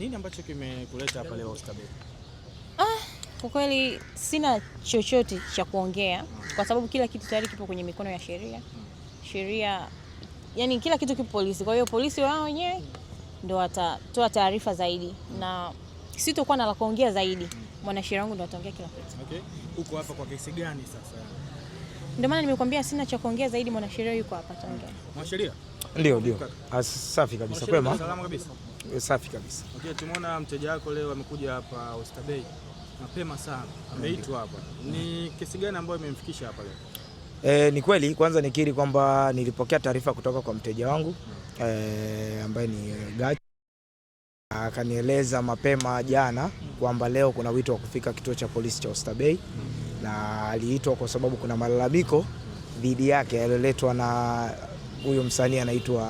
Nini ambacho kimekuleta hapa leo Oysterbay? Ah, kwa kweli sina chochote cha kuongea kwa sababu kila kitu tayari kipo kwenye mikono ya sheria. Sheria yani kila kitu kipo polisi. Kwa hiyo polisi wao wenyewe ndo watatoa taarifa zaidi na sitokuwa na la kuongea zaidi. Mwanasheria wangu ndo ataongea kila kitu. Okay. Uko hapa kwa kesi gani sasa? Ndio maana nimekuambia sina cha kuongea zaidi, mwanasheria yuko hapa ataongea. Mwanasheria? Ndio, ndio. Ah, safi kabisa. Kwema. Salama kabisa. Eh, safi kabisa. Okay, tumeona mteja wako leo amekuja hapa bay mapema sana, ameitwa hapa. Ni kesi gani ambayo imemfikisha hapa leo? E, ni kweli kwanza nikiri kwamba nilipokea taarifa kutoka kwa mteja wangu mm. e, ambaye ni Gachi akanieleza mapema jana kwamba leo kuna wito wa kufika kituo cha polisi cha Oysterbay mm. na aliitwa kwa sababu kuna malalamiko dhidi yake yaliyoletwa na huyo msanii anaitwa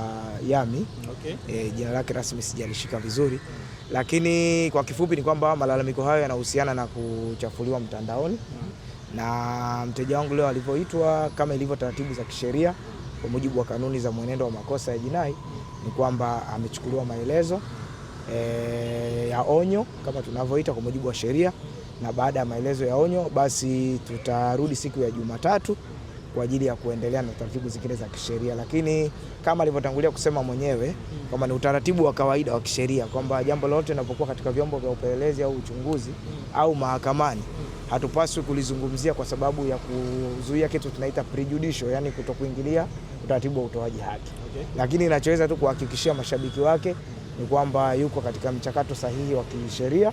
Yami okay. E, jina lake rasmi sijalishika vizuri, lakini kwa kifupi ni kwamba malalamiko hayo yanahusiana na kuchafuliwa mtandaoni mm. na mteja wangu leo alivyoitwa, kama ilivyo taratibu za kisheria kwa mujibu wa kanuni za mwenendo wa makosa ya jinai ni kwamba amechukuliwa maelezo e, ya onyo kama tunavyoita kwa mujibu wa sheria, na baada ya maelezo ya onyo basi tutarudi siku ya Jumatatu kwa ajili ya kuendelea na taratibu zingine za kisheria, lakini kama alivyotangulia kusema mwenyewe kwamba ni utaratibu wa kawaida wa kisheria kwamba jambo lolote linapokuwa katika vyombo vya upelelezi au uchunguzi au mahakamani hatupaswi kulizungumzia kwa sababu ya kuzuia kitu tunaita prejudicial, yani kutokuingilia utaratibu wa utoaji haki okay. Lakini inachoweza tu kuhakikishia mashabiki wake ni kwamba yuko katika mchakato sahihi wa kisheria,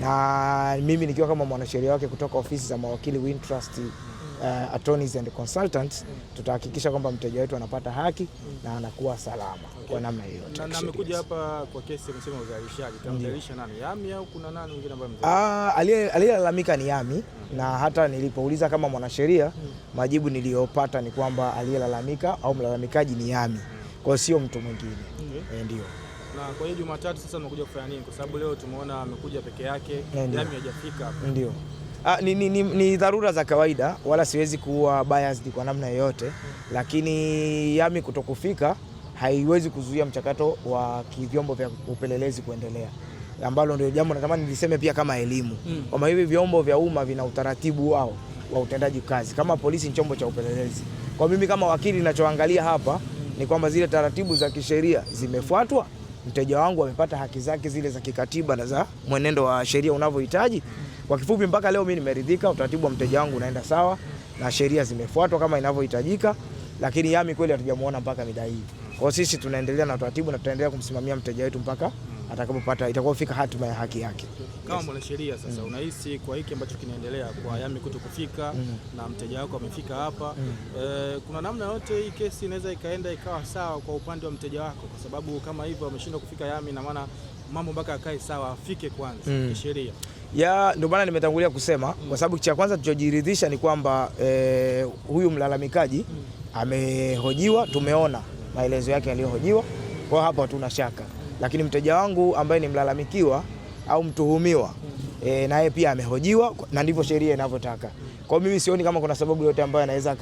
na mimi nikiwa kama mwanasheria wake kutoka ofisi za mawakili Wintrust uh, attorneys and consultants tutahakikisha kwamba mteja wetu anapata haki mm. na anakuwa salama okay. kwa namna hiyo. Na amekuja hapa kwa kesi msema uzalishaji. Tamzalisha nani? Yami au kuna nani mwingine ambaye mzalisha? Ah, aliyelalamika ni Yami mm. na hata nilipouliza kama mwanasheria mm. majibu niliyopata ni kwamba aliyelalamika au mlalamikaji ni Yami kwa sio mtu mwingine mm. e, ndio na kwa hiyo Jumatatu sasa mnakuja kufanya nini? Kwa sababu leo tumeona amekuja peke yake, Yami hajafika. Ndio. Ah, ni, ni, ni, ni dharura za kawaida, wala siwezi kuwa biased kwa namna yoyote, lakini Yami kutokufika haiwezi kuzuia mchakato wa kivyombo vya upelelezi kuendelea, ambalo ndio jambo natamani niliseme pia kama elimu hmm. kwamba hivi vyombo vya umma vina utaratibu wao wa utendaji kazi. Kama polisi ni chombo cha upelelezi, kwa mimi kama wakili ninachoangalia hapa ni kwamba zile taratibu za kisheria zimefuatwa mteja wangu amepata haki zake zile za kikatiba na za mwenendo wa sheria unavyohitaji. Kwa kifupi, mpaka leo mimi nimeridhika, utaratibu wa mteja wangu unaenda sawa na sheria zimefuatwa kama inavyohitajika, lakini Yami kweli hatujamuona mpaka mida hii. Kwa hiyo sisi tunaendelea na utaratibu na tutaendelea kumsimamia mteja wetu mpaka atakapopata itakuwa fika hatima ya haki yake. Kama mwanasheria sasa, mm. unahisi kwa hiki ambacho kinaendelea kwa Yami kuto kufika mm. na mteja wako amefika hapa mm. e, kuna namna yote hii kesi inaweza ikaenda ikawa sawa kwa upande wa mteja wako, kwa sababu kama hivyo ameshindwa kufika Yami, na maana mambo mpaka akae sawa, afike kwanza mm. sheria ya ndio maana nimetangulia kusema mm. kwa sababu cha kwanza tulichojiridhisha ni kwamba e, huyu mlalamikaji mm. amehojiwa, tumeona maelezo yake yaliyohojiwa, kwa hapo hatuna shaka lakini mteja wangu ambaye ni mlalamikiwa au mtuhumiwa e, naye pia amehojiwa na ndivyo sheria inavyotaka. Kwa hiyo mimi sioni kama kuna sababu yote ambayo anaweza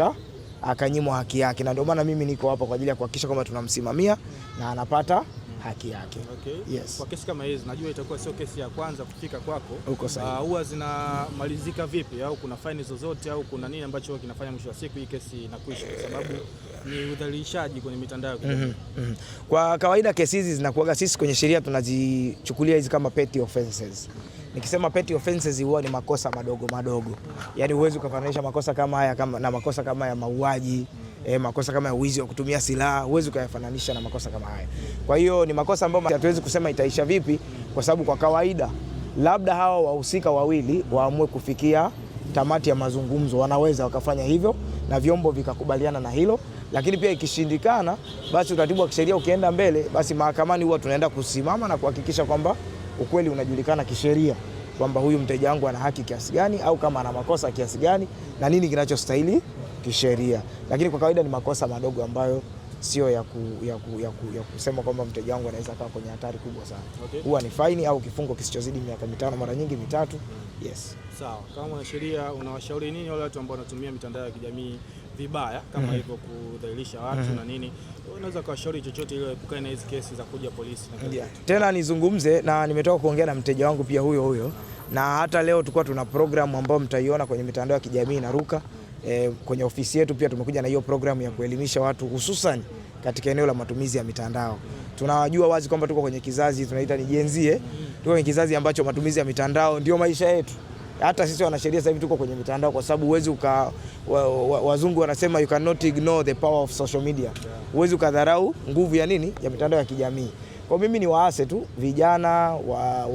akanyimwa haki yake, na ndio maana mimi niko hapa kwa ajili ya kuhakikisha kwamba tunamsimamia na anapata haki yake. Okay. Yes. Kwa kesi kama hizi najua itakuwa sio kesi ya kwanza kufika kwako. Uko sahihi. Ah, huwa zinamalizika vipi au kuna faini zozote au kuna nini ambacho kinafanya mwisho wa siku hii kesi inakwisha kwa sababu ni udhalilishaji kwenye mitandao. Mm -hmm. Mm -hmm. Kwa kawaida kesi hizi zinakuaga, sisi kwenye sheria tunazichukulia hizi kama petty offenses. Nikisema petty offenses huwa ni makosa madogo madogo, yaani huwezi ukafananisha makosa kama haya kama, na makosa kama ya mauaji mm -hmm e, makosa kama ya wizi wa kutumia silaha huwezi ukayafananisha na makosa kama haya. Kwa hiyo ni makosa ambayo hatuwezi kusema itaisha vipi, kwa sababu kwa kawaida labda hawa wahusika wawili waamue kufikia tamati ya mazungumzo, wanaweza wakafanya hivyo na vyombo vikakubaliana na hilo, lakini pia ikishindikana, basi utaratibu wa kisheria ukienda mbele, basi mahakamani huwa tunaenda kusimama na kuhakikisha kwamba ukweli unajulikana kisheria kwamba huyu mteja wangu ana haki kiasi gani au kama ana makosa kiasi gani na nini kinachostahili kisheria, lakini kwa kawaida ni makosa madogo ambayo sio ya, ku, ya, ku, ya, ku, ya kusema kwamba mteja wangu anaweza akawa kwenye hatari kubwa sana okay. Huwa ni faini au kifungo kisichozidi miaka mitano, mara nyingi mitatu. Hmm. Yes, sawa. Kama mwanasheria unawashauri nini wale watu ambao wanatumia mitandao ya kijamii vibaya kama mm hivyo -hmm. kudhalilisha watu mm -hmm. na nini, unaweza kuwashauri chochote ili waepukane na hizi kesi za kuja polisi na yeah. Tena nizungumze na nimetoka kuongea na mteja wangu pia huyo huyo, na hata leo tulikuwa tuna programu ambayo mtaiona kwenye mitandao ya kijamii inaruka mm. E, kwenye ofisi yetu pia tumekuja na hiyo programu ya kuelimisha watu hususan katika eneo la matumizi ya mitandao. Tunawajua wazi kwamba tuko kwenye kizazi tunaita ni Gen Z, eh? tuko kwenye kizazi ambacho matumizi ya mitandao ndio maisha yetu. Hata sisi wanasheria sasa hivi tuko kwenye mitandao kwa sababu huwezi uka wa, wa, wazungu wanasema you cannot ignore the power of social media. Huwezi ukadharau nguvu ya nini ya mitandao ya kijamii. Kwa mimi ni waase tu vijana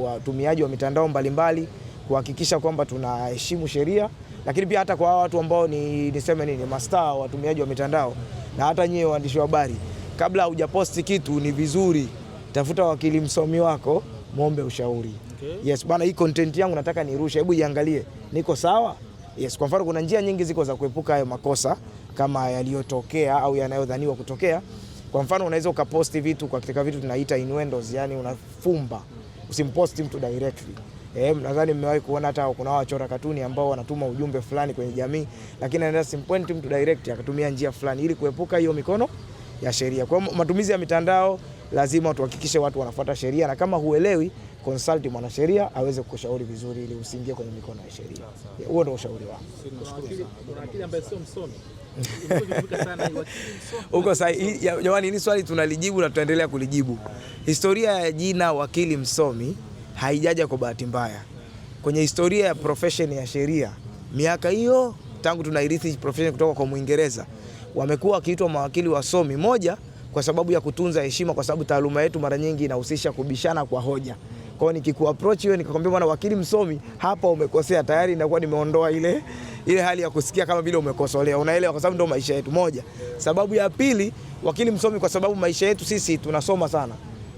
watumiaji wa, wa mitandao mbalimbali kuhakikisha kwamba tunaheshimu sheria lakini pia hata kwa watu ambao ni niseme nini mastaa watumiaji wa mitandao na hata nyie waandishi wa habari, kabla hujaposti kitu ni vizuri tafuta wakili msomi wako, muombe ushauri. Okay. Yes bwana, hii content yangu nataka nirushe, hebu iangalie niko sawa. Yes, kwa mfano kuna njia nyingi ziko za kuepuka hayo makosa kama yaliyotokea au yanayodhaniwa kutokea. Kwa mfano unaweza ukaposti vitu kwa kitaka vitu tunaita innuendos, yani unafumba, usimposti mtu directly Eh, nadhani mmewahi kuona hata kuna wachora katuni ambao wanatuma ujumbe fulani kwenye jamii, lakini anaenda simpoint mtu direct akatumia njia fulani ili kuepuka hiyo mikono ya sheria. Kwa matumizi ya mitandao lazima tuhakikishe watu wanafuata sheria, na kama huelewi consult mwanasheria aweze kukushauri vizuri ili usiingie kwenye mikono ya sheria. Huo ndio ushauri wangu. Uko sahihi jamani, hili swali tunalijibu na tutaendelea kulijibu. Historia ya jina wakili msomi haijaja kwa bahati mbaya. Kwenye historia ya profession ya sheria, miaka hiyo tangu tunairithi profession kutoka kwa Mwingereza, wamekuwa wakiitwa mawakili wasomi, moja kwa sababu ya kutunza heshima, kwa sababu taaluma yetu mara nyingi inahusisha kubishana kwa hoja. Kwa hiyo nikikuapproach hiyo nikakwambia bwana wakili msomi, hapa umekosea, tayari inakuwa nimeondoa ile ile hali ya kusikia kama vile umekosolea, unaelewa? Kwa sababu ndio maisha yetu. Moja sababu ya pili, wakili msomi, kwa sababu maisha yetu sisi tunasoma sana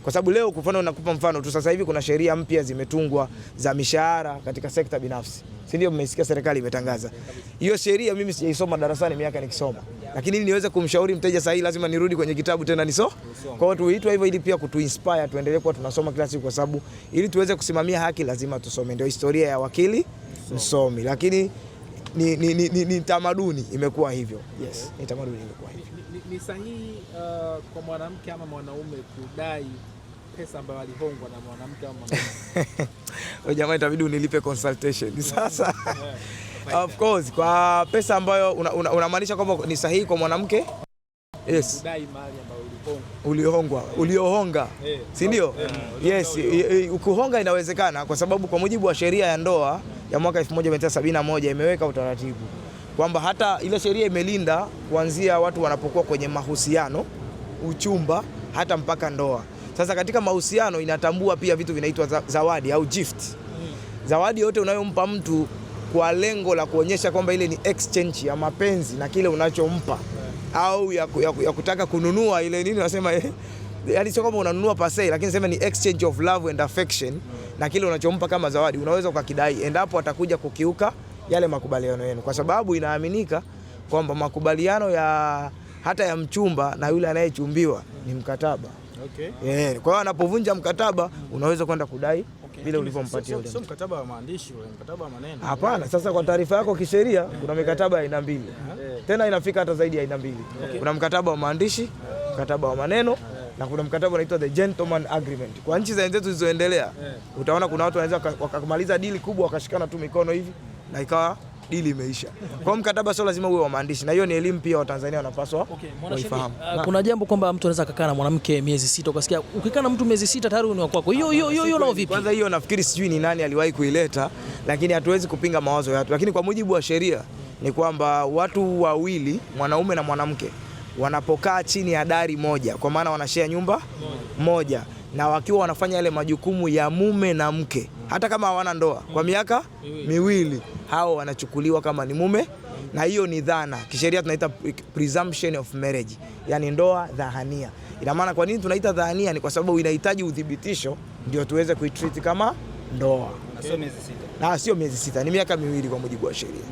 kwa sababu leo kwa mfano nakupa mfano tu, sasa hivi kuna sheria mpya zimetungwa za mishahara katika sekta binafsi, si ndio? Mmesikia serikali imetangaza hiyo sheria. Mimi sijaisoma darasani miaka nikisoma, lakini ili niweze kumshauri mteja sahihi, lazima nirudi kwenye kitabu tena niso. Kwa hiyo tuitwa hivyo ili pia kutu inspire tuendelee kuwa tunasoma kila siku, kwa sababu ili tuweze kusimamia haki lazima tusome. Ndio historia ya wakili msomi, lakini ni, ni, ni, ni, ni tamaduni imekuwa hivyo. Yes, ni tamaduni imekuwa hivyo. ni sahihi uh, kwa mwanamke ama mwanaume kudai pesa ambayo alihongwa na mwanamke au mwanamke. Jamaa itabidi unilipe consultation sasa. Of course, kwa pesa ambayo unamaanisha una, una kwamba ni sahihi kwa mwanamke? Yes. Uliohongwa, uliohonga, si ndio? Mm. Yes, ukuhonga inawezekana kwa sababu kwa mujibu wa sheria ya ndoa ya mwaka 1971 imeweka utaratibu kwamba hata ile sheria imelinda kuanzia watu wanapokuwa kwenye mahusiano, uchumba hata mpaka ndoa. Sasa katika mahusiano inatambua pia vitu vinaitwa zawadi au gift. Zawadi yote unayompa mtu kwa lengo la kuonyesha kwamba ile ni exchange ya mapenzi na kile unachompa au ya, ya, ya kutaka kununua ile nini unasema eh, yaani sio kama unanunua pase, lakini sema ni exchange of love and affection mm. na kile unachompa kama zawadi unaweza ukakidai endapo atakuja kukiuka yale makubaliano yenu, kwa sababu inaaminika kwamba makubaliano ya hata ya mchumba na yule anayechumbiwa ni mkataba. Okay. Yeah, kwa hiyo anapovunja mkataba unaweza kwenda kudai vile ulivyompatia ule. Sio mkataba wa maandishi mkataba wa maneno. Hapana, sasa kwa taarifa yako kisheria eh. kuna mikataba ya aina mbili. Eh. Tena inafika hata zaidi ya aina mbili. Kuna mkataba wa maandishi, eh. mkataba wa maneno na kuna mkataba unaitwa the gentleman agreement. Kwa nchi za wenzetu zilizoendelea utaona kuna watu wanaweza wakamaliza dili kubwa wakashikana tu mikono hivi na ikawa dili imeisha. Kwa mkataba sio lazima uwe wa maandishi, na hiyo ni elimu pia Watanzania wanapaswa kuifahamu. Okay, uh, kuna jambo kwamba mtu anaweza kukaa na mwanamke miezi sita, ukasikia ukikaa na mtu miezi sita tayari ni wako. Hiyo hiyo hiyo nao vipi? Kwanza hiyo nafikiri sijui ni nani aliwahi kuileta, lakini hatuwezi kupinga mawazo ya watu, lakini kwa mujibu wa sheria ni kwamba watu wawili mwanaume na mwanamke wanapokaa chini ya dari moja, kwa maana wanashare nyumba moja na wakiwa wanafanya yale majukumu ya mume na mke, hata kama hawana ndoa kwa miaka miwili hao wanachukuliwa kama ni mume, na hiyo ni dhana kisheria tunaita presumption of marriage, yani ndoa dhahania. Ina maana kwa nini tunaita dhahania? Ni kwa sababu inahitaji udhibitisho ndio tuweze kuitreat kama ndoa, na sio miezi sita, ni miaka miwili kwa mujibu wa sheria.